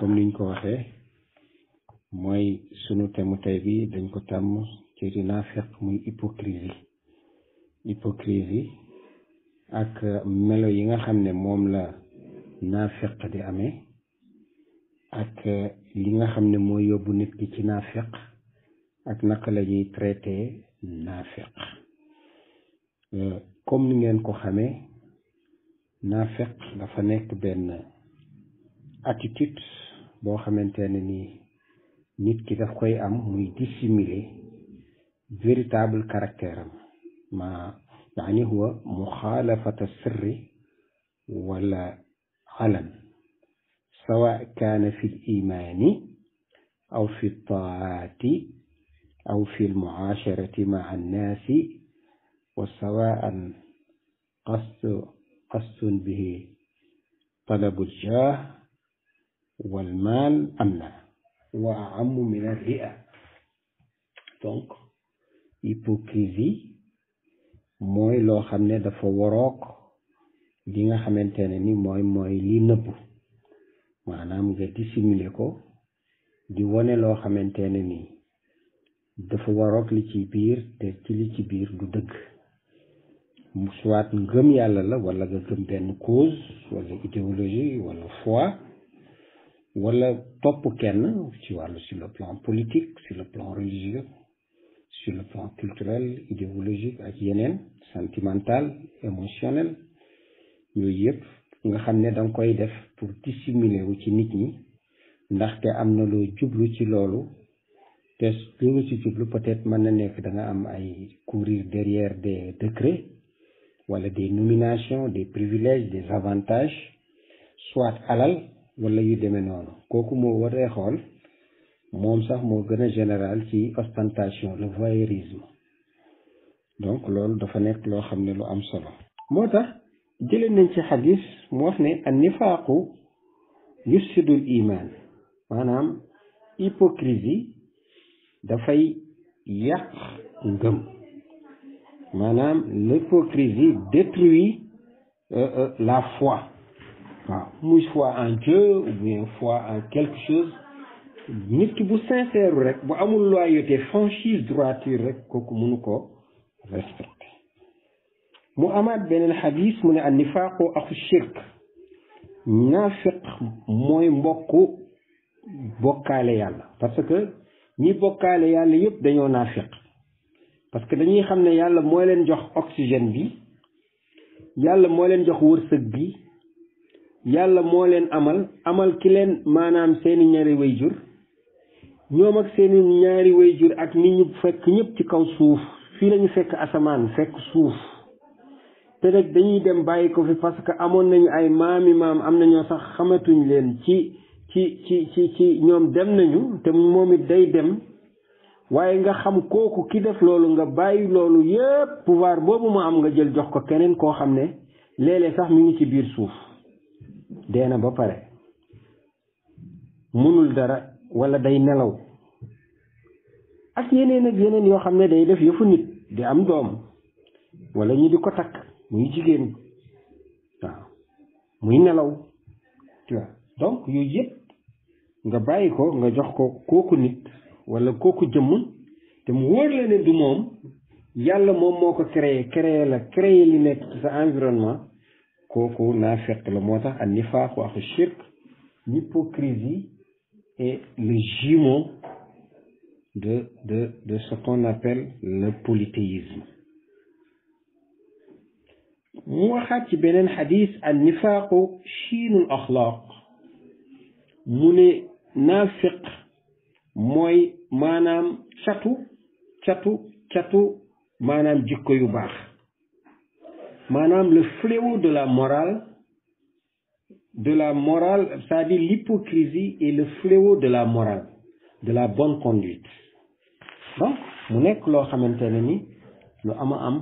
comme niñ ko waxee mooy sunu temu tey bi dañ ko tàmm ci naafeq muy hypocrisie hypocrisie ak melo yi nga xam ne moom la naafeq di amee ak li nga xam ne mooy yóbbu nit ki ci naafeq ak naka la ñuy traité naafeq euh, comme ni ngeen ko xamee naafeq dafa nekk benn attitude boo xamante ne nii nit ki daf koy am muy dissimuler véritable caractère am ma yaani huwa muxaalafata sirri wala alan sawa kaana fi l imaani aw fi taati aw fi l muaasharati ma annaasi wa sawaan qasdu qasdun bihi talabul jaah والمال am na waa aammu min ar-ri'a donc hypocrisie mooy loo xam ne dafa waroog li nga xamante ne ni mooy mooy li nëbbu maanaam nga dissimuler ko di wone loo xamante ne ni dafa waroog li ci biir te ci li ci biir du dëgg soit ngëm yàlla la wala nga gëm benn cause wala idéologie wala foi wala topp kenn ci wàllu sur le plan politique sur le plan religieux sur le plan culturel idéologique ak yeneen sentimental émotionnel yooyu yëpp nga xam ne danga koy def pour dissimuler wu ci nit ñi ndaxte am na loo jublu ci loolu te loolu ci jublu peut-être mën na nekk da am ay courir derrière des décrets wala des nominations des privilèges des avantages soit alal wala yu demee noonu kooku moo waree xool moom sax moo gën a général ci ostentation le voyeurisme donc loolu dafa nekk loo xam ne lu am solo moo tax jële nañ ci xadis mu wax ne an nifaaqu yufsidul iman maanaam hypocrisie dafay yàq ngëm maanaam l'hypocrisie détruit euh, euh, la foi waaw mu foi en Dieu ou bien foi en quelque chose nit ki bu sincère rek bu amul loyauté franchise droiture rek kooku mënu ko respecté mu amaat beneen xadis mu ne an nifaaqu axu shirk naafiq mooy mbokku bokkaale yàlla parce que ñi bokkaale yàlla yëpp dañoo naafiq parce que dañuy xam ne yàlla mooy leen jox oxygène bi yàlla moo leen jox wërsëg bi yàlla moo leen amal amal ki leen maanaam seeni ñaari way jur ñoom ak seeni ñaari way jur ak nit ñu fekk ñëpp ci kaw suuf fii lañu fekk asamaan fekk suuf te nag dañuy dem bàyyi ko fi parce que amoon nañu ay maami maam am nañoo sax xamatuñ leen ci ci ci ci ci ñoom dem nañu te moom it day dem waaye nga xam kooku ki def loolu nga bàyyi loolu yépp pouvoir boobu mu am nga jël jox ko keneen koo xam ne léeg sax mi ngi ci biir suuf dee na ba pare mënul dara walla day nelaw ak yeneen ak yeneen yoo xam ne day def yëfu nit di am doom walla ñu di ko takk muy jigéen waaw muy nelaw waaw donc yooyu yëpp nga bàyyi ko nga jox ko kooku nit wala kooku jëmm te mu wóor la ne du moom yàlla moom moo ko créé créé la créé li nekk ci sa environnement kooku naafeq la moo tax an nifaaq wa axu shirk l'hypocrisie et le jumeau de ce qu'on appelle le polythéisme mu waxaat ci beneen xadis an nifaaqu chiinul axlaaq mu ne naafiq mooy maanaam catu catu catu maanaam jikko yu baax maanaam le fléau de la morale de la morale c'est-à-dire l'hypocrisie et le fléau de la morale de la bonne conduite donc mu nekk loo xamante ne ni lu ama am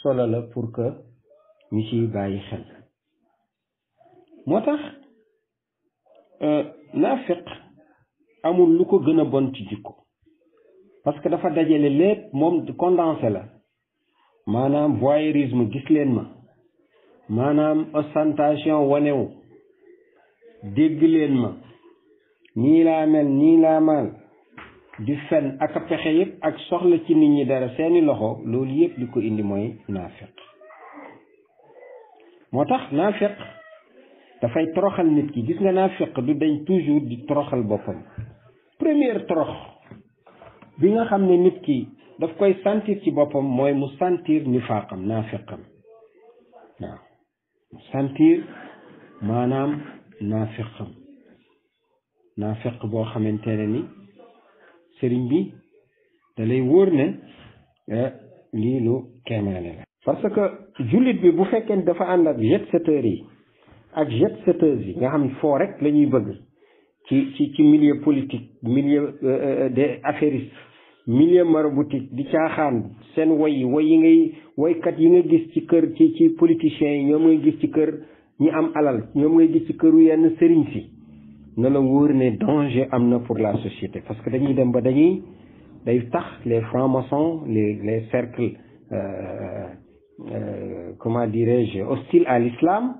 solo la pour que ñu ci bàyyi xel moo tax euh, naafiq amul lu ko gën a bon ci parce que dafa dajale lépp moom condensé la maanaam voyeurisme gis leen ma maanaam ostentation wanewu dégg leen ma nii laa mel nii laa maal di fen ak a pexe yëpp ak soxla ci nit ñi dara seeni loxo loolu yëpp li ko indi mooy naafiq moo tax naafiq dafay toroxal nit ki gis nga naafiq du dañ toujours di toroxal boppam première torox bi nga xam ne nit ki daf koy sentir ci boppam mooy mu sentir nifaaqam naafiqam waaw mu sentir maanaam naafiqam naafiq boo xamante ne ni sëriñ bi dalay wóor ne eh, lii lu kéemaane la parce que jullit bi bu fekkee dafa ànd ak jet yi ak jet-setteuses yi nga xam foo rek lañuy bëgg ci ci ci milieu politique milieu euh, euh, des affairistes milieu maraboutique di caaxaan seen woy woy yi ngay woykat yi nga gis ci kër ci ci politiciens yi ñoom ngay gis ci kër ñi am alal ñoom ngay gis ci këru yenn sëriñ si na la wóor ne danger am na pour la société parce que dañuy dem ba dañuy day tax les francs-maçons les les cercles euh, euh, comment dirais-je hostiles à l'islam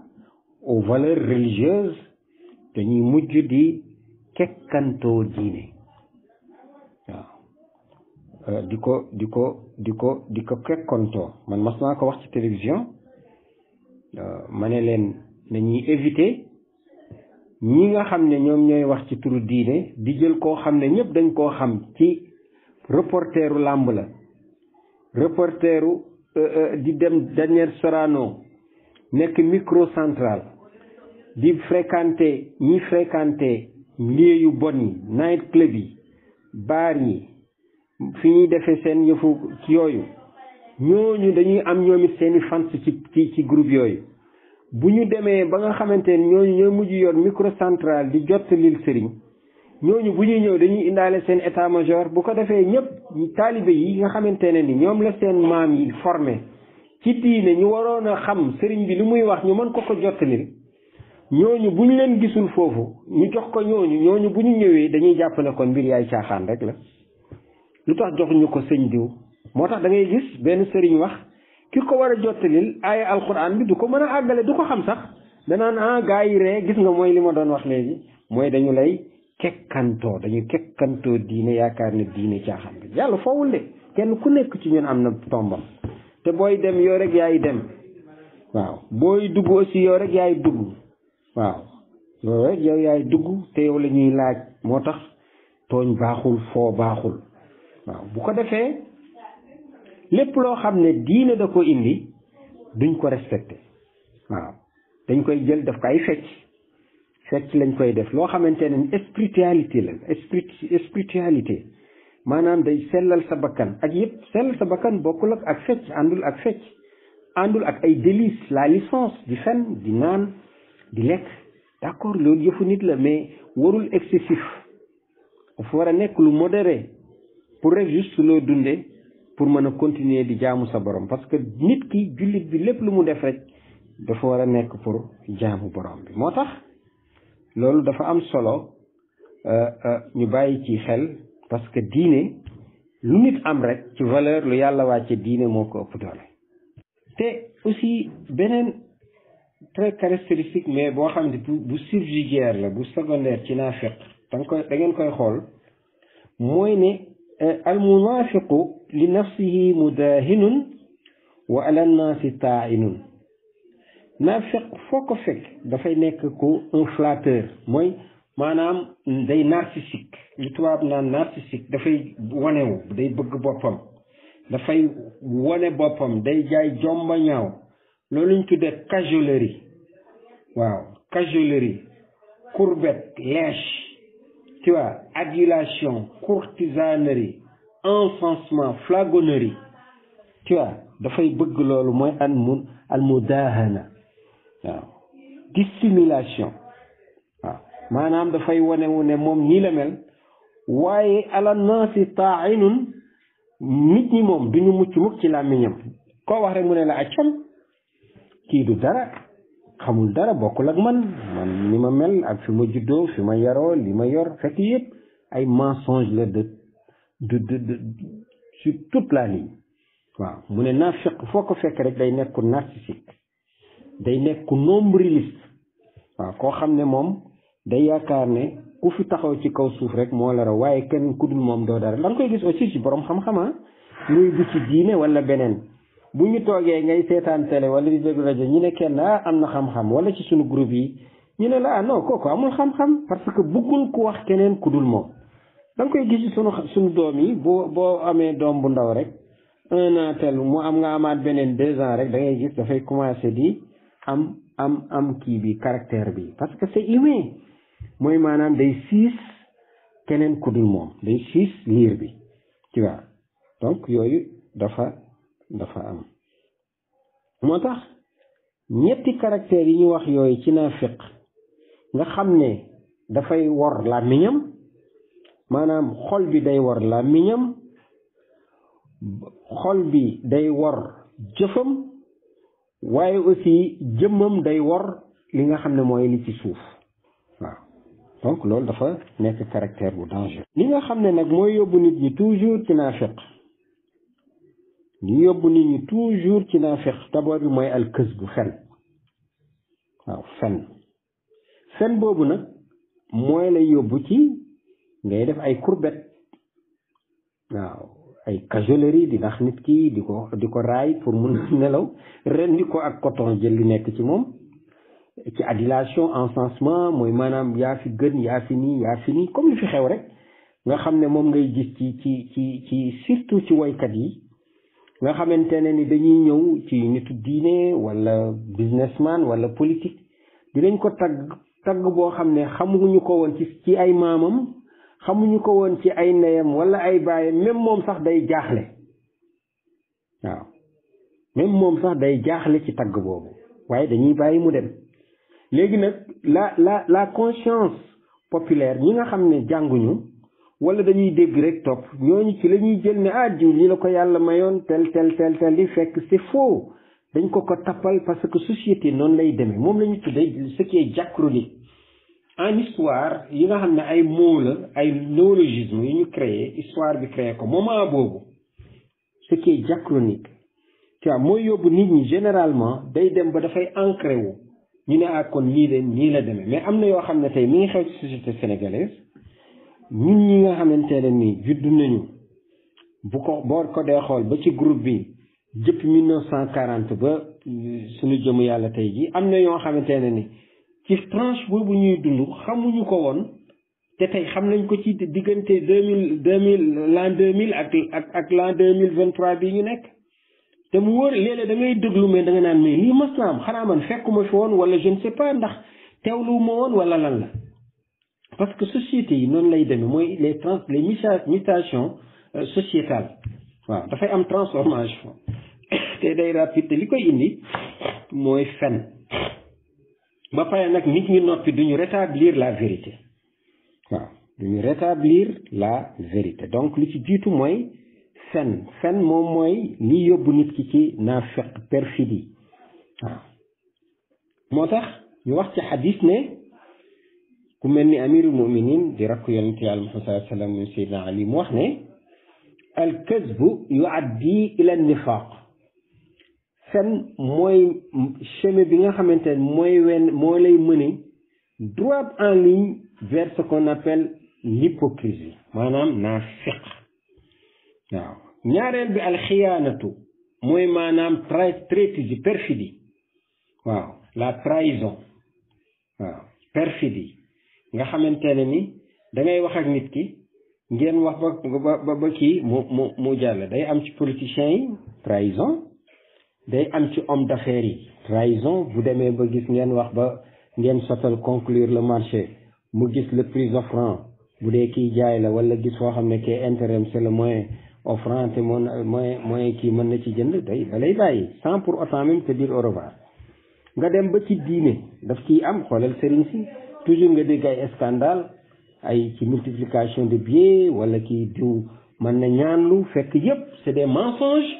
au valeurs religieuses dañuy mujj di kekkantoo diine Euh, di ko di ko di ko di ko kekkontoo man mas naa ko wax ci télévision euh, ma ne leen nañuy éviter ñi nga xam ne ñoom ñooy wax ci turu diine di jël koo xam ne ñëpp dañ koo xam ci reporteru làmb la reporteru euh, di dem Daniel Sorano nekk micro central di fréquenter ñi fréquenter lieu yu bon yi night club yi baar yi fi ñuy defee seen yëfu yooyu ñooñu dañuy am ñoom it seen i fans ci ci ci groupe yooyu bu ñu demee ba nga xamante ne ñooñu ñooy mujj yoon microcentral di jot lil sëriñ ñooñu bu ñuy ñëw dañuy indaale seen état major bu ko defee ñëpp taalibe yi nga xamante ne ni ñoom la seen maam yi formé ci diine ñu waroon a xam sëriñ bi lu muy wax ñu mën ko ko jottalil ñooñu bu ñu leen gisul foofu ñu jox ko ñooñu ñooñu bu ñu ñëwee dañuy jàpp kon mbir yaay caaxaan rek la lu tax joxuñu ko sëñ diw moo tax da ngay gis benn sëriñ wax ki ko war a jottalil aaya alquran bi du ko mën a àggale du ko xam sax danaan ah gaa yi ree gis nga mooy li ma doon wax léegi mooy dañu lay kekkantoo dañu kekkantoo diine yaakaar ne diine caaxaan bi yàlla foowul de kenn ku nekk ci ñun am na tombam te booy dem yoo rek yaay dem waaw booy dugg aussi yoo rek yaay dugg waaw yoo rek yow yaay dugg te yow la ñuy laaj moo tax tooñ baaxul foo baaxul waaw bu ko defee lépp loo xam ne diine da ko indi duñ ko respecte waaw dañ koy jël daf ko ay fecc fecc lañ koy def loo xamante ne spiritualité la spiritualité maanaam day sellal sa bakkan ak yëpp sellal sa bakkan bokkul ak fecc àndul ak fecc àndul ak ay délices la licence di fen di naan di lekk d'accord loolu yëfu nit la mais warul excessif dafa war a nekk lu modéré pour rek juste loo dundee pour mën a continuer di jaamu sa boroom parce que nit ki jullit bi lépp lu mu def rek dafa war a nekk pour jaamu borom bi moo tax loolu dafa am solo euh, euh, ñu bàyyi ci xel parce que diine lu nit am rek ci valeur lu yàlla wàcce diine moo ko ëpp doole te aussi beneen très caractéristique mais boo xam ne bu subsidiaire la bu secondaire ci naafiq da nga koy da ngeen koy xool mooy ne almunaafiqu li nafsihi mudaahinun wa ala nnaasi taainun naafiq foo ko fekk dafay nekk ku un mooy maanaam day narcissique li tubaab naan narcissique dafay wanewu day bëgg boppam dafay wane boppam day jaay jomba ñaaw loolu ñu tuddee cajolerie waaw cajolerie courbette lèche tu vois adulation courtisanerie encensement flagornerie tu dafay bëgg loolu mooy al mu al mudahana waaw dissimulation waaw maanaam dafay wonewu ne moom nii la mel waaye ala naasi taainun nit ñi moom duñu mucc mukk ci làmmiñam koo wax rek mu ne la accam kii du dara xamul dara bokkul ak man man ni ma mel ak fi ma juddoo fi ma yaroo li ma yor fekk yëpp ay mensonge la de de de sur toute la ligne waaw mu ne naafiq foo ko fekk rek day nekk ku day nekk ku nombriliste waaw koo xam ne moom day yaakaar ne ku fi taxaw ci kaw suuf rek moo la ra waaye kenn ku dul moom doo dara da nga koy gis aussi ci borom xam-xam ah, muy du ci diine wala beneen bu ñu toogee ngay seetaan télé wala di déglu rajo ñu ne kenn ah am na xam-xam wala ci suñu groupe yi ñu ne la ah non kooku amul xam-xam parce que bëggul ku wax keneen ku dul moom da nga koy gis sunu doom yi boo boo amee doom bu ndaw rek un an mu am nga beneen deux rek da ngay gis dafay commencé di am am am kii bi caractère bi parce que c'est humain mooy maanaam day siis keneen ku moom day siis liir bi tu donc yooyu dafa dafa am moo tax ñetti caractère yi ñu wax yooyu ci naafiq nga xam ne dafay wor làmmiñam maanaam xol bi day wor làmmiñam xol bi day wor jëfam waaye aussi jëmmam day wor li nga xam ne mooy li ci suuf waaw donc loolu dafa nekk caractère bu dangereux. li nga xam ne nag mooy yóbbu nit ñi toujours ci naafiq ñu yóbbu nit ñi toujours ci naa naafeq tabor bi mooy al kës bu fen waaw fen fen boobu nag mooy lay yóbbu ci ngay def ay courbette waaw ay cajolerie di ndax nit ki di ko di ko raay pour mun nelaw rendi ko ak coton jël li nekk ci moom ci adulation encensement mooy maanaam yaa fi gën yaa fi nii yaa fi nii comme li fi xew rek nga xam ne moom ngay gis ci ci ci ci surtout ci woykat yi nga xamante ne ni dañuy ñëw ci nitu diine wala businessman wala politique dinañ ko tagg tagg boo xam ne xamuñu ko woon ci ci ay maamam xamuñu ko woon ci ay ndeyam wala ay baayam même moom sax day jaaxle waaw même moom sax day jaaxle ci tagg boobu waaye dañuy bàyyi mu dem léegi nag la la la conscience populaire ñi nga xam ne jànguñu wala dañuy dégg rek topp ñooñu ci la ñuy jël ne ah jiw la ko yàlla mayoon tel tel tel tel fekk c'est faux dañ ko ko tappal parce que société noonu lay demee moom la ñu tuddee ce qui est diachronique yi nga xam ne ay mots la ay néologisme yi ñu créé histoire bi créé ko moment boobu ce qui est diachronique mooy yóbbu nit ñi généralement day dem ba dafay ancré ñu ne ah kon nii de nii la demee mais am na yoo xam ne tey mi ngi xew ci société sénégalaise ñun ñi nga xamante ne nii juddu nañu bu ko boo ko dee xool ba ci groupe bi jëpp cent quarante ba suñu jëm yàlla tey ji am na yoo xamante ne ni ci tranche boobu ñuy dund xamuñu ko woon te tey xam nañ ko ci diggante deux mille deux mille l'an deux mille ak ak ak l'an deux mille vingt trois bii ñu nekk te mu wóor léeg-léeg da ngay mais da nga naan mais lii mas naa am xanaa man fekkuma fi woon wala je ne sais pas ndax teewlu ma woon wala lan la parce que société yi noonu lay demee mooy les trans les mutations euh, sociétales waaw dafay am transformation te day rapide te li koy indi mooy fen ba pare nag nit ñi noppi duñu rétablir la vérité waaw duñu rétablir la vérité donc li ci jiitu mooy fen fen moom mooy li yóbbu nit ki ci naafeq perfidie waaw moo tax ñu wax ci xadis ne ku mel ni amirul muminin di rakk yonente yàlla mu wax ne al kasbu yuaddi ila nifaq fen mooy chemin bi nga xamante ne mooy wenn moo lay mëne droit en ligne vers ce qu'on l'hypocrisie maanaam naafiq waaw ñaareel bi alxiyaanatu mooy maanaam tra traîtrise perfidie waaw la trahison waaw perfidie nga xamante ne ni da ngay wax ak nit ki ngeen wax ba ba ba kii mu mu mu jàll day am ci politiciens yi trahison day am ci homme d'affaires yi trahison bu demee ba gis ngeen wax ba ngeen sotal conclure le marché mu gis le prix offrant bu dee kii jaay la wala gis foo xam ne kee intérêt c'est le moyen offrant te moom moyen moyen kii mën na ci jënd day da bàyyi sans pour autant te dire au revoir nga dem ba ci diine daf ciy am xoolal sëriñ si toujours nga dégg ay scandale ay ci multiplication de biens wala kii diw man na ñaanlu fekk yëpp c'est des mensonges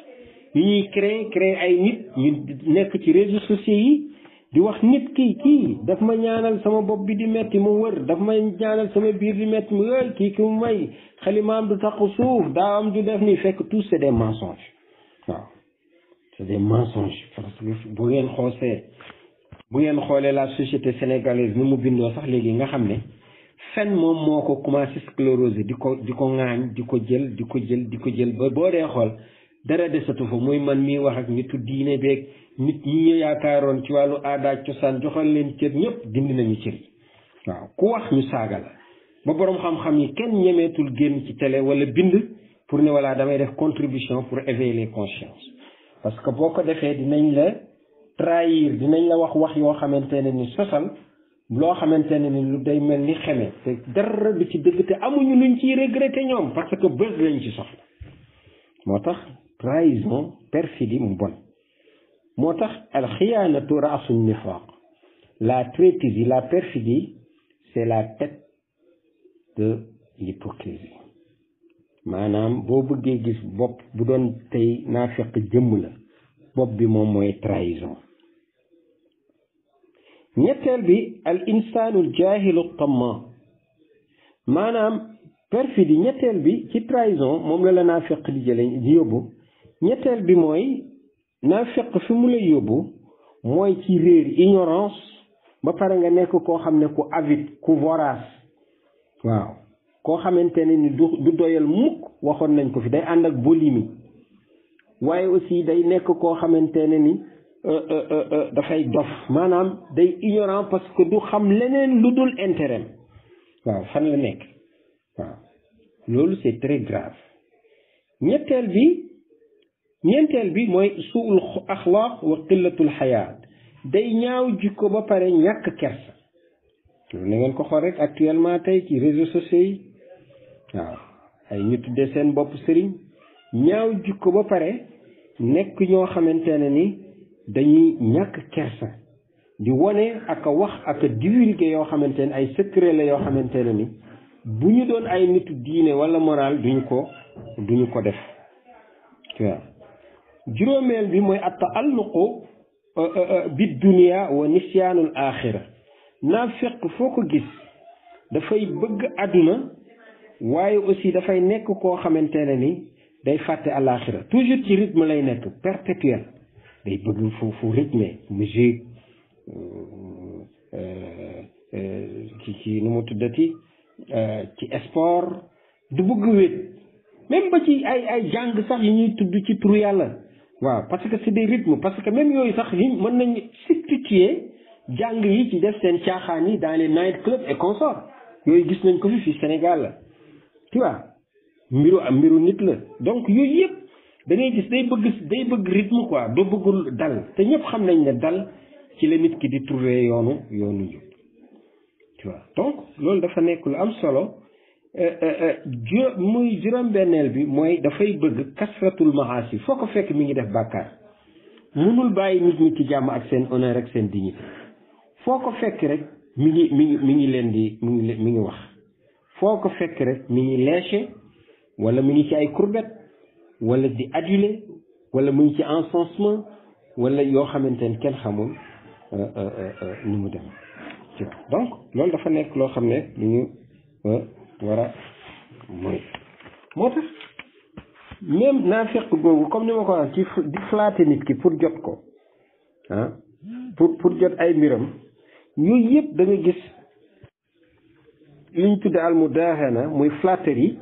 yi ñuy créer créer ay nit ñu nekk ci réseaux sociaux yi di wax nit kii kii daf ma ñaanal sama bopp bi di metti mu wër daf ma ñaanal sama biir di metti mu wër kii ki mu may xalimaam du taqu suuf daa am du def nii fekk tout c'est des mensonges waaw c'est des mensonges parce que boo ngeen xoosee bu ngeen xoolee la société sénégalaise ni mu bindoo sax léegi nga xam ne fen moom moo ko commencé sclérosé di ko di ko ŋaañ di ko jël di ko jël di ko jël ba boo dee xool dara desatu fa muy man mii wax ak nitu diine beeg nit ñi yaakaaroon ci wàllu aada cosaan joxal leen cër ñëpp dindi nañu cër yi waaw ku wax ñu saaga la ba boroom xam-xam yi kenn ñemeetul génn ci tele wala bind pour ne voilà damay def contribution pour éveiller les consciences ko trahir dinañ la wax wax yoo xamante ne ni sosal loo xamante ne ni lu day mel ni xeme te dara du ci dëgg te amuñu luñ ciy regretter ñoom parce que bëgg lañ ci soxla moo tax trahison perfidie mu bon moo tax alxiyaanatu raasu nifaaq la traîtrise la perfidi c'est la tête de l'hypocrisie maanaam boo bëggee gis bopp bu doon tey naafeq jëmm la bopp bi moom mooy trahison ñetteel bi al insaanu al jaahilu tamma maanaam perfidi ñetteel bi ci trahison moom la la naafiq di jële di yóbbu ñetteel bi mooy naafiq fi mu lay yóbbu mooy ci réer ignorance ba pare nga nekk koo xam ne ku avide ku vorace waaw koo xamante ne ni du du doyal mukk waxoon nañ ko fi day ànd ak boli mi waaye aussi day nekk koo xamante ne ni Euh, euh, euh, dafay dof maanaam day ignorant parce que du xam leneen lu dul intérêt waaw fan la nekk waaw loolu c'est très grave ñetteel bi ñeenteel bi mooy suul axlaaq wa qillatul xayaat day ñaaw jikko ba pare ñàkk kersa loolu na ngeen ko xool rek actuellement tey ci réseaux sociaux yi waaw ay ñu tuddee seen bopp sëriñ ñaaw jikko ba pare nekk ñoo xamante ne ni dañuy ñàkk kersa di wone ak a wax ak a yoo xamante ne ay secret la yoo xamante ne ni bu ñu doon ay nitu diine wala moral duñu ko duñu ko def waaw juróomeel bi mooy at taalluqu euh, euh, euh, bi dunia wa nisyaanul axira naafeq foo ko gis dafay bëgg àdduna waaye aussi dafay nekk koo xamante ne ni day fàtte àlaxira toujours ci rythme lay nekk perpétuel day bëgg fu fu rythme musique euh, euh, euh, ci ci nu mu tuddati ci sport du bëgg wéet même ba ci ay ay jàng sax yi ñuy tudd ci turu yàlla waaw parce que c'est des rythmes parce que même yooyu sax yi mën nañ substituer jàng yi ci def seen caaxaan yi dans les night club et consorts yooyu gis nañ ko fi fii Sénégal la tu vois mbiru mbiru nit la donc yooyu yëpp da gis day bëgg day bëgg rythme quoi doo bëggul dal te ñëpp xam nañ ne dal ci la nit ki di trouver yoonu yoonu njub tu donc loolu dafa nekk lu am solo euh, euh, euh, jur muy juróom-benneel bi mooy dafay bëgg kasratul yi foo ko fekk mi ngi def bàkkaar mënul bàyyi nit ñi ci jàmm ak seen honneur rek seen dignité foo ko fekk rek mi ngi mi ngi mi ngi leen di mu ngi mi ngi wax foo ko fekk rek mi ngi léché wala mi ngi ci ay courbette wala di adulé wala muy ci encensement wala yoo xamante kenn xamul euh, euh, euh, ni mu dem ci donc loolu dafa nekk loo xam ne lu ñu war a mooy moo tax même naafeq googu comme ni ma ko wax ci di flatter nit ki pour jot ko ah pour pour jot ay mbiram ñuy yëpp da nga gis liñ tudde al mudahana muy flatterie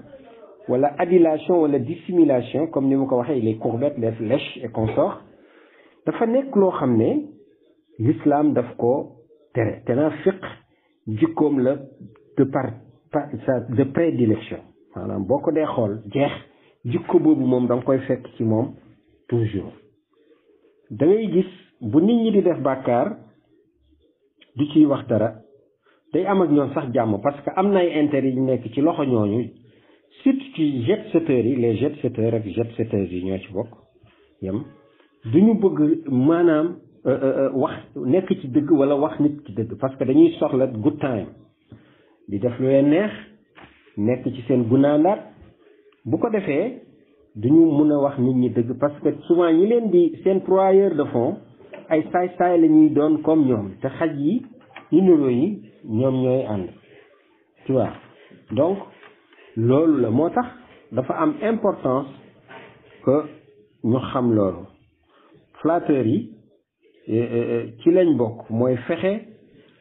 wala adilation wala dissimulation comme ni mu ko waxee les courbettes les flèches et consorts dafa nekk loo xam ne l'islam daf ko tere te naa fiq jikkoom la de par sa de prédilection maanaam boo ko dee xool jeex jikko boobu moom da koy fekk ci moom toujours da ngay gis bu nit ñi di def bàkkaar du ciy wax dara day am ak ñoom sax jàmm parce que am na ay intérêt yu nekk ci loxo ñooñu surtout ci jet yi les jet setteurs ak jet yi ñoo ci bokk yam ñu bëgg maanaam euh, euh, euh, wax nekk ci dëgg wala wax nit ci dëgg parce que dañuy soxla good time di def lu leen neex nekk ci seen gunaandaat bu ko defee duñu mun a wax nit ñi dëgg parce que souvent ñi leen di seen pourvoyeur de fonds ay saay-saay la ñuy doon comme ñoom te xaj yi ñu yi ñoom ñooy ànd tu vois donc loolu la moo tax dafa am important que ñu xam loolu flatteur yi eh, eh, eh, ci lañ bokk mooy fexe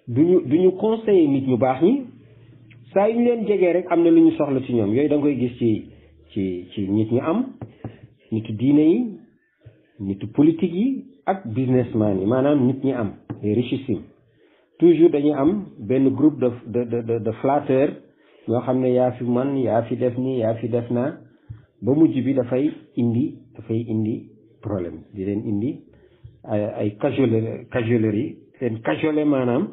duñu du ñu conseiller nit ñu baax ñi saa yu ñu leen jegee rek am na lu ñu soxla ci ñoom yooyu da koy gis ci ci ci nit ñu am nitu diine yi nitu politique yi ak businessman yi maanaam nit ñi am les richissimes toujours dañuy am benn groupe de de de de flatteur ñoo xam ne yaa fi man yaa fi def nii yaa fi def naa ba mujj bi dafay indi dafay indi problème di leen indi ay ay cajolerie cajolerie leen cajole maanaam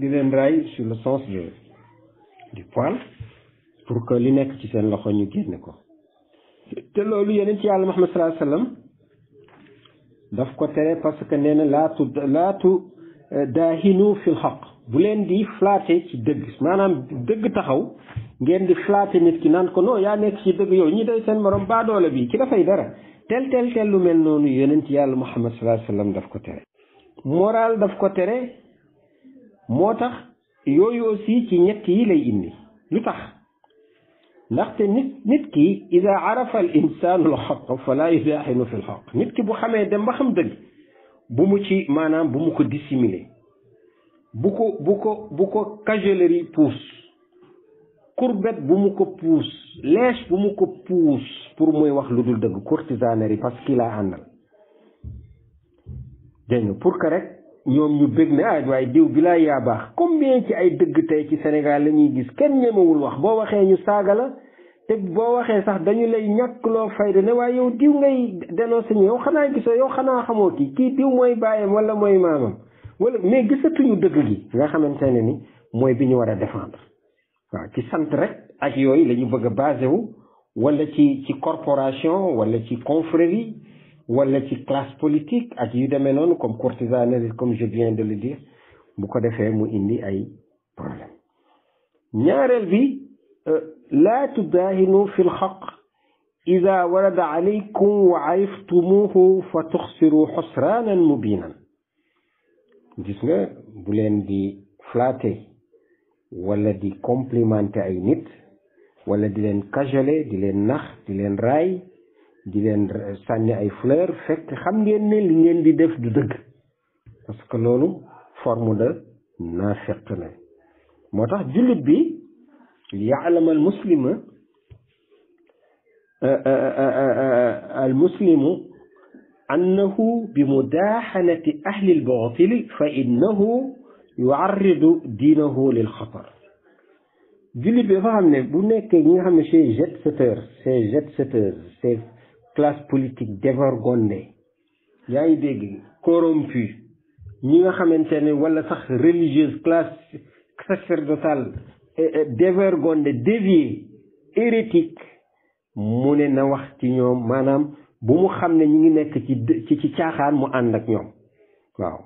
di leen raay sur le sens de du poil pour que li nekk ci seen loxo ñu génne ko te loolu yeneen ci yàlla Muhammad sallallahu alayhi daf ko tere parce que nee laatu laatu eh, daahinu fil xaq bu leen di flatter ci dëgg maanaam dëgg taxaw ngeen di flatter nit ki naan ko non yaa nekk ci dëgg yow ñi day seen morom baadoole bi ki dafay dara tel tel tel lu mel noonu yonent ci yàlla muhammad sallallahu alayhi wasallam daf ko tere moral daf ko tere moo tax yooyu aussi ci ñett yi lay indi lu tax ndaxte nit nit ki ida arafa al insaanu al xaq fala yudaxinu fi l nit ki bu xamee dem ba xam dëgg bu mu ci maanaam bu mu ko dissimuler bu ko bu ko bu ko cajolerie puus courbette bu mu ko puus lèche bu mu ko puus pour muy wax lu dul dëgg courtisanerie parce que laa àndal dégg nga pour que rek ñoom ñu bég ne ah waaye diw bi laa yaa baax combien ci ay dëgg tey ci Sénégal la ñuy gis kenn ñemewul wax boo waxee ñu saaga la te boo waxee sax dañu lay ñàkk loo fayda ne waaye yow diw ngay dénoncé yow xanaa gisoo yow xanaa xamoo kii kii diw mooy bàyyam wala mooy maamam wala mais gisatuñu dëgg gi nga xamante ne ni mooy bi ñu war a défendre waaw ci sant rek ak yooy la ñu bëgg a basé wala ci ci corporation wala ci confrérie wala ci classe politique ak yu demee noonu comme courtisanerie comme je viens de le dire bu ko defee mu indi ay problème ñaareel bi euh, laa tudaahinu fi lxaq ida warada alaykum wa fa tuxsiru xusraanan mubinan gis nga bu leen di flatter wala di complimenter ay nit wala di leen cajoler di leen nax di leen raay di leen sànni ay fleur fekk xam ngeen ne li ngeen di def du dëgg parce que loolu forme de naafeq la moo tax jullit bi yaalama al muslima euh, euh, euh, al muslimu annahu bi mudaaxanati ahli lbaatili fa innahu yuarridu diinahu lil xatar jullit bi dafa xam ne bu nekk ñi nga xam ne ces jet-setteurs ces jet-setteurs ces classe politique dévergondée yaa ngi dégg corrompu ñi nga xamante ne wala sax religieuse classe sacerdotale eh, eh, dévergondée déviée hérétique mu ne na wax ci ñoom maanaam bu mu xam ne ñu ngi nekk ci ci ci caaxaan mu ànd ak ñoom waaw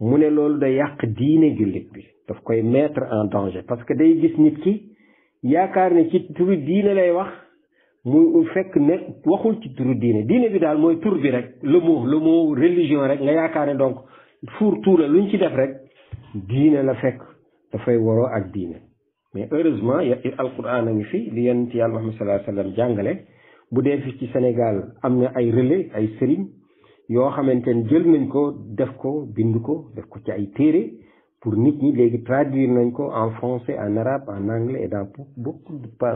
mu ne loolu da yàq diine jullit bi daf koy mettre en danger parce que day gis nit ki yaakaar ne ci turu diine lay wax mu fekk ne waxul ci turu diine diine bi daal mooy tur bi rek lu mu lu mu religion rek nga yaakaar ne donc fuur tuura luñ ci def rek diine la fekk dafay waroo ak diine mais heureusement alquran a ngi fi li yonent yàlla Muhammad sallallahu alayhi wa jàngale bu dee fi ci Sénégal am na ay relais ay sëriñ yoo xamante ne jël nañ ko def ko bind ko def ko ci ay téere pour nit ñi léegi traduire nañ ko en français en arabe en anglais et dans beaucoup de pas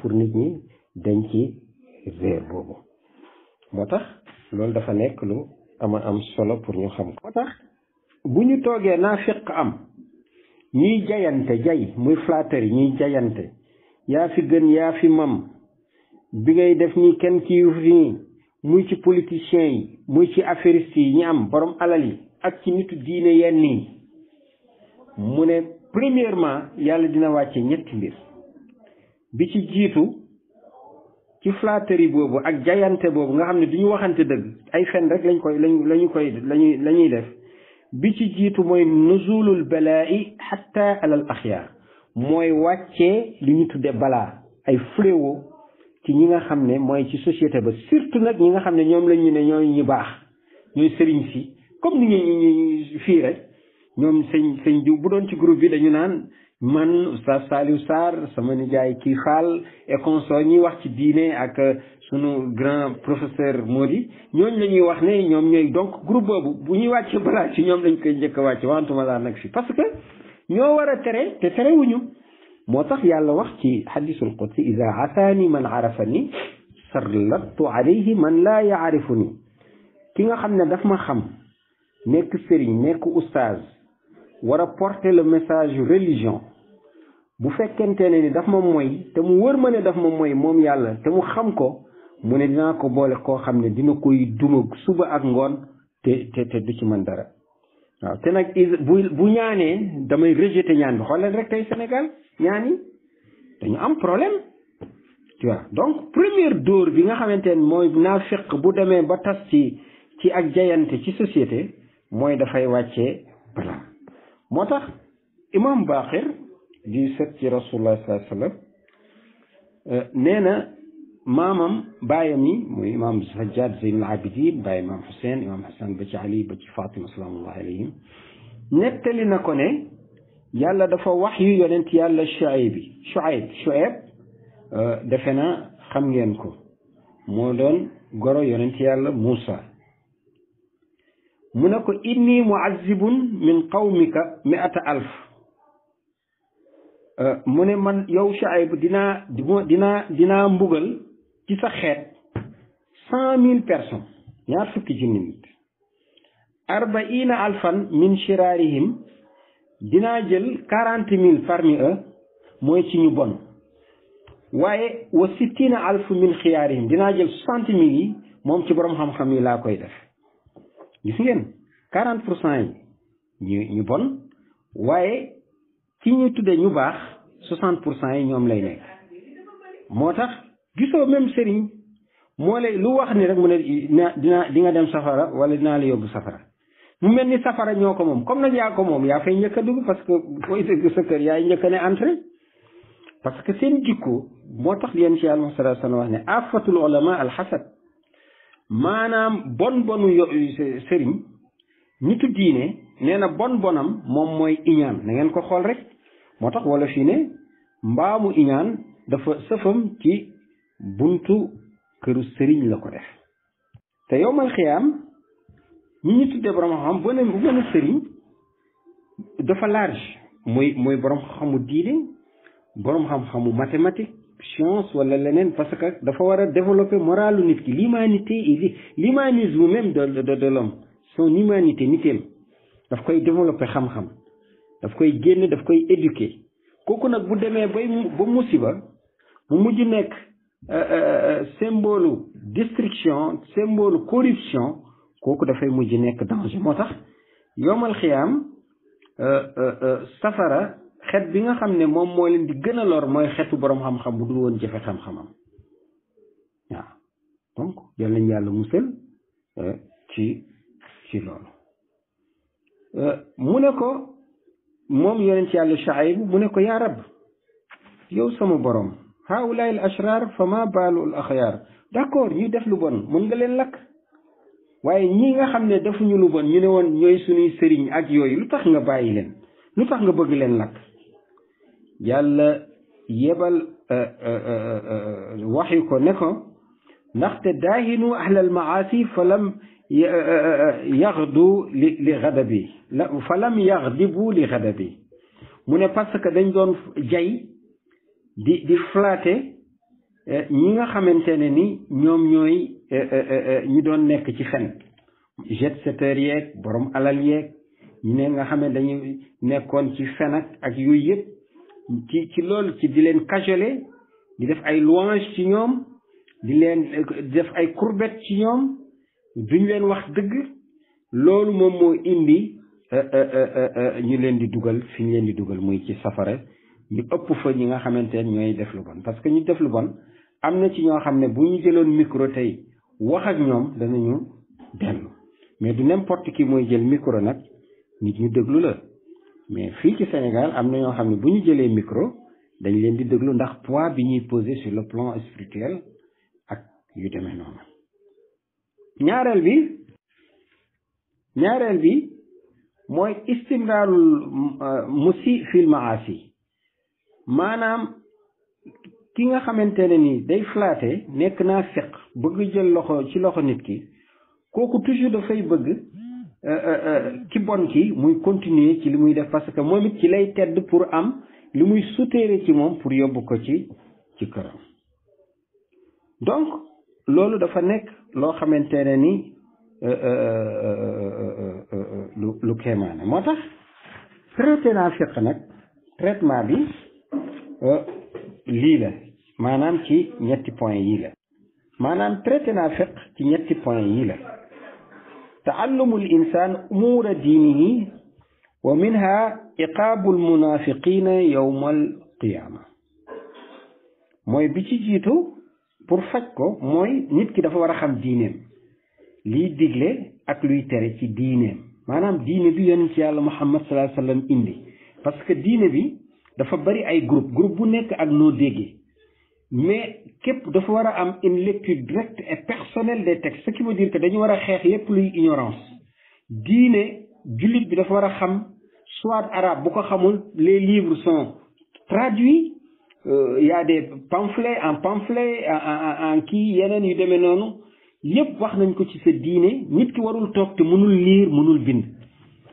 pour nit ñi dañ ci réer boobu moo tax loolu dafa nekk lu ama am solo pour ñu xam ko moo tax bu ñu toogee naa fiq am ñuy jayante jay muy flatteur yi ñuy jayante yaa fi gën yaa fi mam bi ngay def nii kenn kii nii muy ci politiciens yi muy ci affairiste yi ñi am borom alal yi ak ci nitu diine yenn yi mu ne premièrement yàlla dina wàcce ñetti mbir bi ci jiitu ci flatterie boobu ak jayante boobu nga xam ne duñu waxante dëgg ay fen rek lañ koy lañ lañu koy lañuy la ñuy def bi ci jiitu mooy nuzulul i xatta alal axyaar mooy wàccee li ñu tuddee balaa ay fléau ci ñi nga xam ne mooy ci société ba surtout nag ñi nga xam ne ñoom la ñu ne ñooy ñu baax ñooy sëriñ si comme ni ñu ñu fii rek ñoom sëñ sëñ jiw bu doon ci groupe bi dañu naan man oustaz Saliou Sarr sama nijaay kii Fall et consort ñuy wax ci diine ak euh, sunu grand professeur Mody ñooñ la ñuy wax ne ñoom ñooy donc groupe boobu bu ñuy wàcce balaa ci ñoom lañ koy njëkk a wàcce wantuma laa nag fi parce que ñoo war a tere te terewuñu moo tax yàlla wax ci xadisul qudsi ida asaani man arafani sarlattu alayhi man laa yaarifu ni ki nga xam ne daf ma xam nekk sëriñ nekk oustaz war a porter le message religion bu fekkente ne ni daf ma moy te mu wër ma ne daf ma moy moom yàlla te mu xam ko mu ne dinaa ko boole koo xam ne dina koy duma suba ak ngoon te te du ci mën dara waaw te nag bu bu ñaanee damay rejeter ñaan bi xoolal rek tey Sénégal ñaan dañu am problème tu donc première dóor bi nga xamante ne mooy naafiq bu demee ba tas ci ci ak jayante ci société mooy dafay wàcce balaa moo tax imam Baqir di set ci rasulullah sallallahu alayhi wasallam euh, maamam baayam yi muy imaam Sajjaad Zeynul Abidin baay imaam Xuseen imaam Xasan ba Ali ba ci nettali na ko ne yàlla dafa wax yu yonent yàlla Shuayb bi euh, defe na xam ngeen ko moo doon goro yonent yàlla Muusa mu ne ko inni muazzibun min qawmika mi'ata alf euh, mu ne man yow Shuayb dinaa dinaa dinaa mbugal ci sa xeet cent mille personnes ñaar fukki junni nit arbaina alfan min shirarihim dinaa jël quarante mille parmi eux mooy ci ñu bon waaye wa sittina alf min xiyaarihim dinaa jël soixante mille yi moom ci borom xam-xam yi laa koy def gis ngeen quarante pour cent yi ñu bon waaye ci ñu tudde ñu baax soixante pour cent yi ñoom lay nekk moo tax gisoo même sëriñ moo lay lu wax ni rek mu ne dina di nga dem safara wala dinaa la yóbbu safara mu mel ni safara ñoo ko moom comme nag yaa ko moom yaa fay njëkk a dugg parce que booy dëgg sa yaa yaay njëkk a ne entré parce que seen jikko moo tax yéen ci yàlla sallallahu alayhi wa sallam wax ne afatul ulama alxasad maanaam bon bonu sëriñ nitu diine nee na bon bonam moom mooy iñaan na ko xool rek moo tax wala fii ne mbaamu buntu këru sëriñ la ko def te yow man mu ñi ñu tuddee borom xam bu bu gën sëriñ dafa large mooy mooy boroom xamu diine borom xam-xamu mathématique science wala leneen parce que dafa war a développer moralu nit ki l'humanité et l'humanisme même de de de son humanité niteem daf koy développer xam-xam daf koy génne daf koy éduquer kooku nag bu demee bay ba musiba mu mujj nekk. Euh, euh, euh, symbole destruction symbole corruption kooku dafay mujj nekk danger moo tax yowmal xiyaam safara xet bi nga xam ne moom moo leen di gën a lor mooy xetu boroom xam-xam bu dul woon jëfe xam-xamam waaw donc yal nañ yàlla musal ci ci loolu mu ne ko moom yonent yàlla Shuayb mu ne ko yaa rab yow sama boroom haulaay al ashrar fama baalul axyaar d'accord ñuy def lu bon mun nga leen lakk waaye ñi nga xam ne defuñu lu bon ñu ne woon ñooy suñuy sëriñ ak yooyu lu tax nga bàyyi leen lu tax nga bëgg leen lakk yàlla yebal euh, euh, euh, waxi ko ne ko ndaxte daahinu ahlal maasi fa lam yaxdu li li xadabi la fa lam yaxdibu li xadabi mu ne parce dañ doon jay di di flatter eh, ñi nga xamante ne ni ñoom ñooy eh, eh, ñi doon nekk ci fen jet-setteurs yeeg borom alal yeeg ñi ne nga xam ne dañu nekkoon ci fen ak ak yooyu yëpp ci ci loolu ci di leen cajoler di def ay louange ci ñoom di leen def ay courbette ci ñoom duñ leen wax dëgg loolu moom moo indi ñu leen di dugal fi ñu leen di dugal muy ci safara ñu ëpp fa ñi nga xamante ne ñooy def lu bon parce que ñu def lu bon am na ci ñoo xam ne bu ñu jëloon micro tey wax ak ñoom danañu dellu mais du n'importe qui mooy jël micro nag nit ñu déglu la mais fii ci Sénégal am na ñoo xam ne bu ñu jëlee micro dañ leen di déglu ndax poids bi ñuy poser sur le plan spirituel ak yu demee noonu ñaareel bi ñaareel bi mooy istimraarul euh, musi fil maasi maanaam ki nga xamante ne ni day flatter nekk naa feq bëgg jël loxo ci loxo nit ki kooku toujours dafay bëgg euh, euh, euh, ki bon ki muy continuer ci li muy def parce que moom it ci lay tedd pour am li muy sutéere ci moom pour yóbbu ko ci ci këram donc loolu dafa nekk loo xamante ne ni lu lu kéemaane moo tax traité naa fiq nag traitement bi lii la maanaam ci ñetti point yii la maanaam traité naa ci ñetti point yii la taallumu l insaan umuura diinihi wa minha iqaabu almunaafiqina yowma alqiyaama mooy bi ci jiitu pour faj ko mooy nit ki dafa war a xam diineem liy digle ak luy tere ci diineem maanaam diine bi yonent ci yàlla muhammad sallallahu alayhi indi parce que diine bi dafa bari ay group groupe bu nekk ak noo déggee mais képp dafa war a am une lecture directe et personnelle des textes ce qui dire que dañu war a xeex yépp luy ignorance diine jullit bi dafa war a xam soit arabe bu ko xamul les livres son traduits il euh, y a des pamphlets en pamphlet en kii yeneen yu demee noonu yépp wax nañ ko ci sa diine nit ki warul toog te mënul lire mënul bind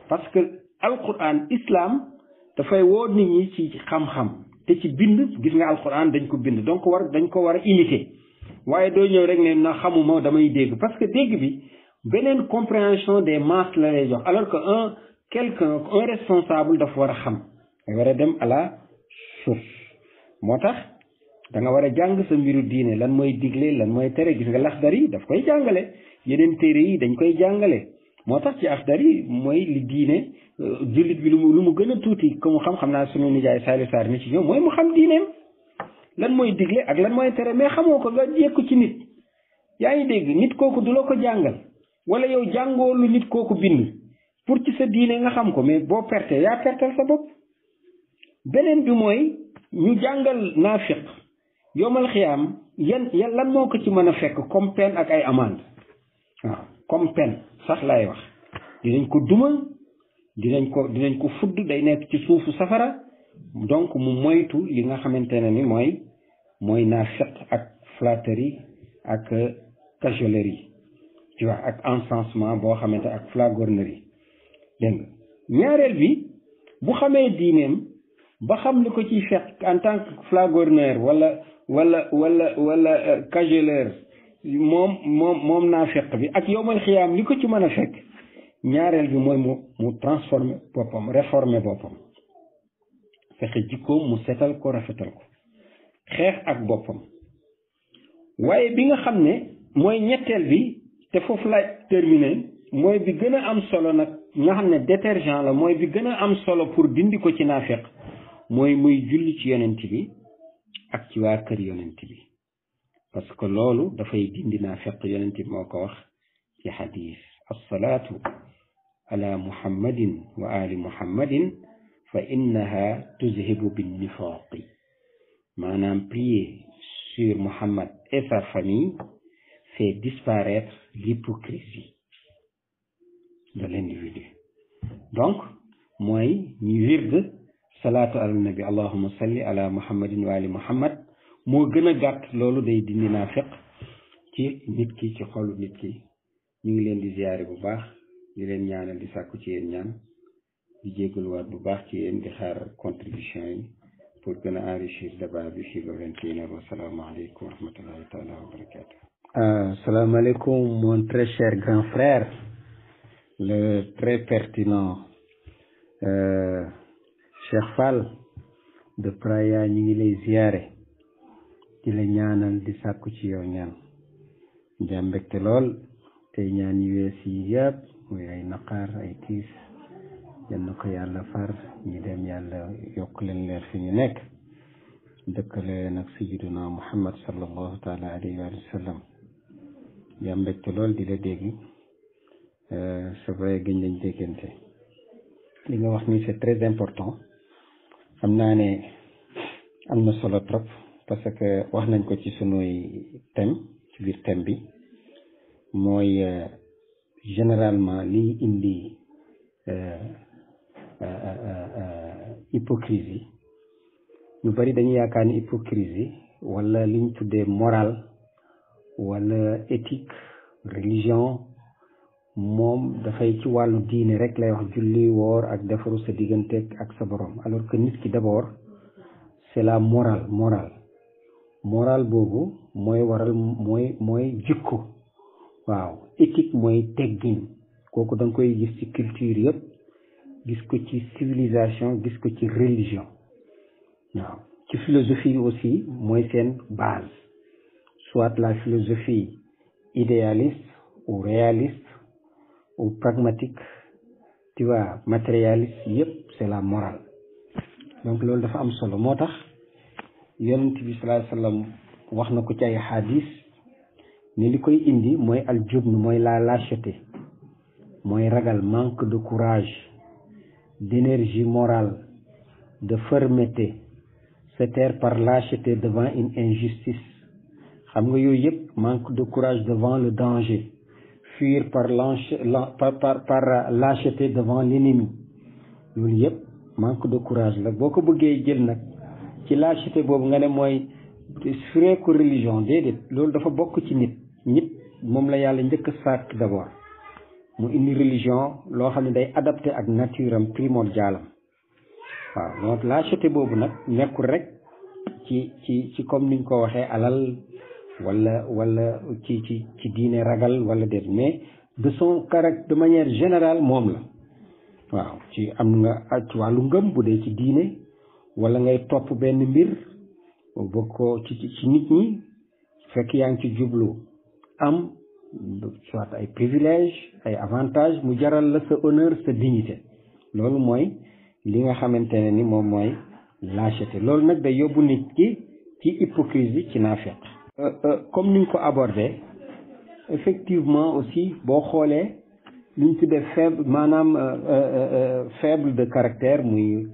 parce que alquran islam dafay woo nit ñi ci xam-xam te ci bind gis nga alxuraan dañ ko bind donc war dañ ko war a imiter waaye doo ñëw rek ne na xamuma damay dégg parce que dégg bi beneen compréhension des masses la lay jox alors que un quelqu'un un responsable dafa war a xam da war a dem à la moo tax danga war a jàng sa mbiru diine lan mooy digle lan mooy tere gis nga laxdar yi daf koy jàngale yeneen téere yi dañ koy jàngale moo tax ci axdar yi mooy li diine euh, jullit bi lu mu lu mu gën a tuuti comme xam-xam naa sunu nijaay Saliou Sarr mi ci ñëw mooy mu xam diineem lan mooy digle ak lan mooy tere mais xamoo ko nga jékku ci nit yaa ngi dégg nit kooku du la ko jàngal wala yow jàngoo lu nit kooku bind pour ci sa diine nga xam ko mais boo perte yaa pertel sa bopp beneen bi mooy ñu jàngal naafiq yomal xiyaam yan yan lan moo ko ci mën a fekk comme peine ak ay amende waaw comme pen sax laay wax dinañ ko duma dinañ ko dinañ ko fudd day nekk ci suufu safara donc mu moytu li nga xamante ne ni mooy mooy naafeq ak flatterie ak cajolerie tu vois ak encensement boo xamante ak flagornerie dégg ñaareel bi bu xamee diineem ba xam li ko ci fekk en tant que walla wala walla wala wala euh, moom moom moom naa fekk bi ak yow mooy xiyaam li ko ci mën a fekk ñaareel bi mooy mu mu transformer boppam réformer boppam fexe jikkoom mu setal ko rafetal ko xeex ak boppam waaye bi nga xam ne mooy ñetteel bi te foofu laaj terminé mooy bi gën a am solo nag nga xam ne détergent la mooy bi gën a am solo pour dindi ko ci naafeq mooy muy julli ci yonent bi ak ci waa kër yonent bi parce que loolu dafay dindi naa feq moo ko wax ci xadis alsalaatu ala muhammadin wa ali muhammadin fa innaha tuzhibu maanaam prier sur Muhammad et famille fait disparaître l'hypocrisie de l'individu donc mooy ñu wirde salaatu ala nabi allahuma salli ala muhammadin muhammad moo gën a gàtt loolu day dindi naa ci nit ki ci xolu nit ki ñu ngi leen di ziyaare bu baax ñu leen ñaanal di sàkku ci yéen ñaan di jégaluwaat bu baax ci yéen di xaar contribution yi pour gën a enrichir débat bi fii ba vingt et une heures wasalaamaaleykum wa rahmatullahi taala wa barakatu euh, asalaamaaleykum mon très cher grand frère le très pertinent euh, Cheikh Fall de Praia ñu ngi lay ziyaare di la ñaanal di sàkku ci yow ñaan di am lool tey ñaan yu wees yi ay naqar ay tiis yal na ko yàlla far ñi dem yàlla yokk leen leer fi ñu nekk dëkkale nag sayyiduna muhammad sallallahu taala alayhi wa sallam di lool di la dégg euh, c'est vrai gën lañ déggante li nga wax ni c'est important xam naa ne am na solo trop parce que wax nañ ko ci sunuy thème ci biir thème bi mooy euh, généralement liy indi euh, euh, hypocrisie ñu bari dañuy yaakaar ni hypocrisie wala liñ tuddee morale wala éthique religion moom dafay ci wàllu diine rek lay wax julli woor ak defaru sa diggante ak sa borom alors que nit ki d'abord c'est la morale morale moral boobu mooy waral mooy mooy jikko waaw éthique mooy teggin kooku da nga koy gis ci culture yëpp gis ko ci civilisation gis ko ci religion waaw ci philosophie aussi mooy seen base soit la philosophie idéaliste ou réaliste ou pragmatique tu matérialiste yëpp c'est la morale donc loolu dafa am solo moo tax yonent bi wax na ko ci ay xadis ne li koy indi mooy aljubn mooy la lâcheté mooy ragal manque de courage d'énergie morale de fermeté se taire par lâcheté devant une injustice xam nga yooyu yëpp manque de courage devant le danger fuir par par par par lâcheté devant l'ennemi loolu yëpp manque de courage la boo ko bëggee jël nag ci lâcheté boobu nga ne mooy suree ko religion déedéet loolu dafa bokk ci nit nit moom la yàlla njëkk a sàkk d'abord mu indi religion loo xam ne day adapté ak nature am primordialam waaw donc lâcheté boobu nag nekkul rek ci ci ci comme ni niñ ko waxee alal wala walla ci ci ci diine ragal wala déet mais de son caractère de manière générale moom la waaw ci am nga ci wàllu ngëm bu dee ci diine wala ngay topp benn mbir bëgg ko ci nit ñi fekk yaa ngi ci jublu am soit ay privilège ay avantage mu jaral la sa honneur sa dignité loolu mooy li nga xamante ne ni moom mooy lâcheté loolu nag day yóbbu nit ki ci hypocrisie ci naafiq euh, euh, comme niñ ko abordé effectivement aussi boo xoolee liñ tuddee faible maanaam euh, faible de caractère muy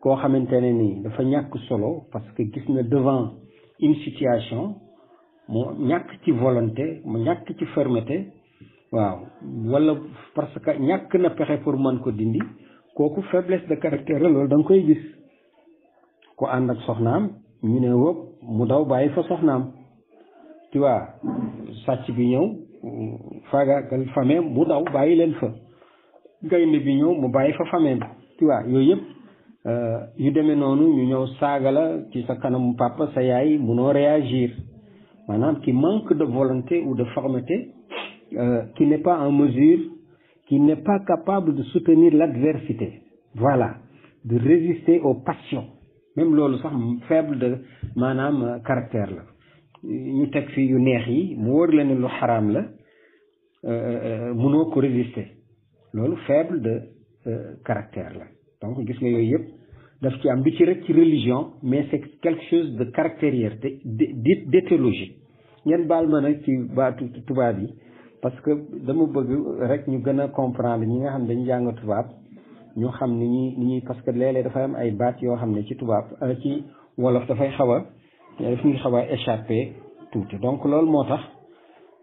koo xamante ne nii dafa ñàkk solo parce que gis na devant une situation mu ñàkk ci volonté mu ñàkk ci fermeté waaw wala parce que ñàkk na pexe pour mën ko dindi kooku faiblesse de caractère loolu da nga koy gis ko ànd ak soxnaam ñu ne wëpp mu daw bàyyi fa soxnaam tu sàcc bi ñëw faagaagal famille mu daw bàyyi leen fa gaynde bi ñëw mu bàyyi fa famille tu vois yooyu yëpp Euh, yu demee noonu ñu ñëw saaga la ci sa kanamu papa sa yaay munoo réagir maanaam qui manque de volonté ou de fermeté euh, ne n'est pas en mesure qui n'est pas capable de soutenir l'adversité voilà de résister aux passions même loolu sax faible de maanaam euh, caractère la ñu teg fii yu neex yi mu wóor la ne lu xaraam la euh, munoo ko résister loolu faible de caractère la donc gis nga yooyu yëpp daf ci am du ci rek ci religion mais c'est quelque chose de caractérière d'éthologie ngeen baal ma nag ci baatu tubaab yi parce que dama bëgg rek ñu gën a comprendre ñi nga xam dañu jàng tubaab ñu xam ni ñuy ni ñuy parce que léeg-léeg dafa am ay baat yoo xam ne ci tubaab euh, ci wolof dafay xaw a daf ñuy xaw a échappé tuuti donc loolu moo tax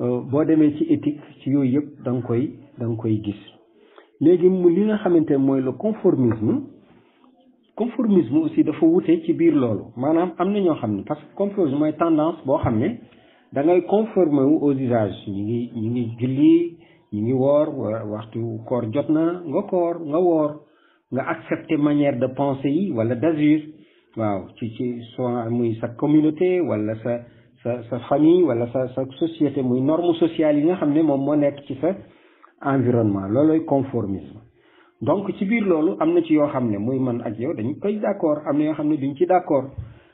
euh, boo demee ci éthique ci yooyu yëpp da koy da nga koy gis léegi mu li nga xamante ne mooy le conformisme conformisme aussi dafa wute ci biir loolu maanaam am na ñoo xam ne parce que conformisme mooy tendance boo xam ne da ngay conformer wu aux usages ñu ngi ñu ngi julli ñu ngi woor waxtu koor jot na nga koor nga woor nga accepter manière de penser yi wala d'agir waaw ci ci soit muy sa communauté wala sa sa sa famille wala sa sa société muy norme sociale yi nga xam ne moom moo nekk ci sa environnement loolooy conformisme donc ci biir loolu am na ci yoo xam ne muy man ak yow dañ koy d'accord am na yoo xam ne duñ ci d'accord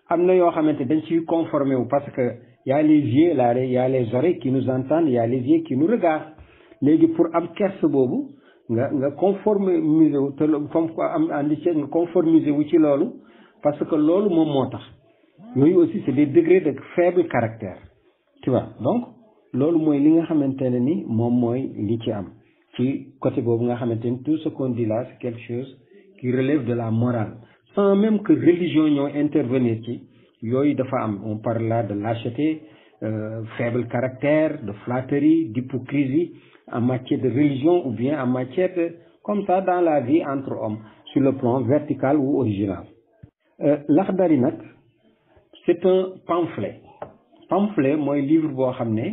am na yoo xamante dañ ciy conformer wu parce que y a les yeux là y a les oreilles qui nous entendent y a les yeux qui léegi pour am kerse boobu nga nga conformiser wu te comme am andi ci nga conformiser wu ci loolu parce que loolu moom moo tax yooyu aussi c'est des degrés de faible caractère tu donc loolu mooy li nga xamante ne ni moom mooy li ci am ci côté boobu nga xamante ni tout ce qu'on dit là c'est quelque chose qui relève de la morale sans même que religion ñoo intervenir ci yooyu dafa am on parle là de lâcheté euh, faible caractère de flatterie d'hypocrisie en matière de religion ou bien en matière de comme ça dans la vie entre hommes sur le plan vertical ou original euh, Lakhdari nag c'est un pamphlet pamphlet mooy livre boo xam ne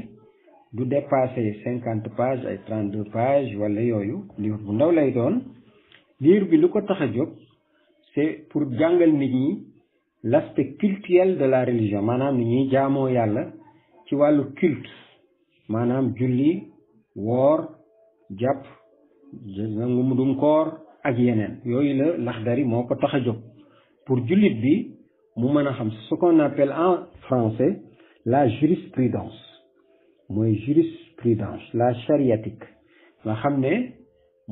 du dépasser cinquante pages ay trente deux pages wala yooyu livre bu ndaw lay doon livre bi lu ko tax a jóg c'est pour jàngal nit ñi l'aspect cultuel de la religion maanaam ni ñuy jaamoo yàlla ci wàllu culte maanaam julli woor jàpp nangu mudum koor ak yeneen yooyu la Laxdari moo ko tax a jóg pour jullit bi mu mën a xam ce qu'on appelle en français la jurisprudence mooy jurisprudence la chariatique nga xam ne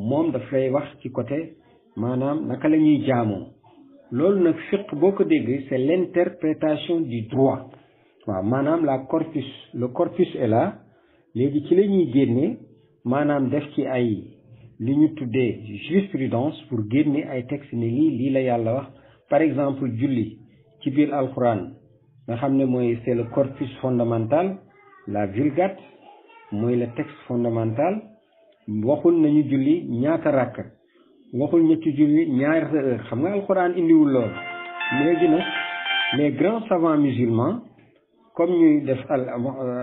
moom dafay wax ci côté maanaam naka la ñuy jaamoo loolu nag fiq boo ko déggee c'est l'interprétation du droit waaw maanaam la corpus le corpus est là léegi ci la génne maanaam def ci ay li ñu tuddee jurisprudence pour génne ay texte ni lii lii la yàlla wax par exemple julli ci biir alquran nga xam ne mooy c'est le corpus fondamental la Vulgate mooy le texte fondamental waxul nañu julli ñaata rakk waxul ñetti julli ñaar xam nga alxuraan indiwul lool léegi nag les def al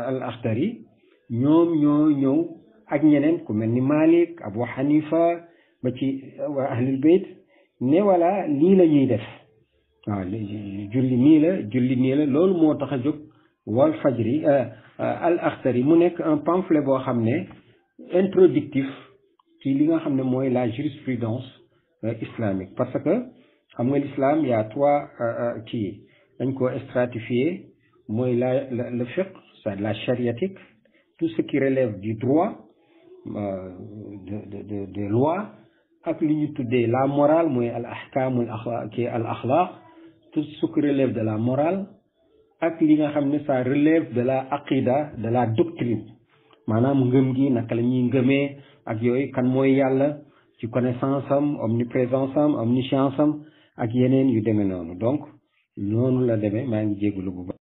al Akhtari ñoom ñoo ñëw ak ñeneen ku mel lii la ñuy def waaw julli nii la loolu moo tax a jóg wal fajri euh, Euh, al axtari mu nekk un pamphlet boo xam ne introductif ci li nga xam ne mooy la jurisprudence euh, islamique parce que xam nga l'islam y a trois euh, kii dañ ko mooy la le fiqh la chariatique tout ce qui relève du droit des lois ak li ñu tuddee la morale mooy al ahkamul tout ce qui relève de la morale ak li nga xam ne ça relève de la aqida de la doctrine maanaam ngëm gi naka la ñuy ngëmee ak yooyu kan mooy yàlla ci connaissance am omniprésence am omniscience am ak yeneen yu demee noonu donc noonu la demee maa ngi jégalu bu baax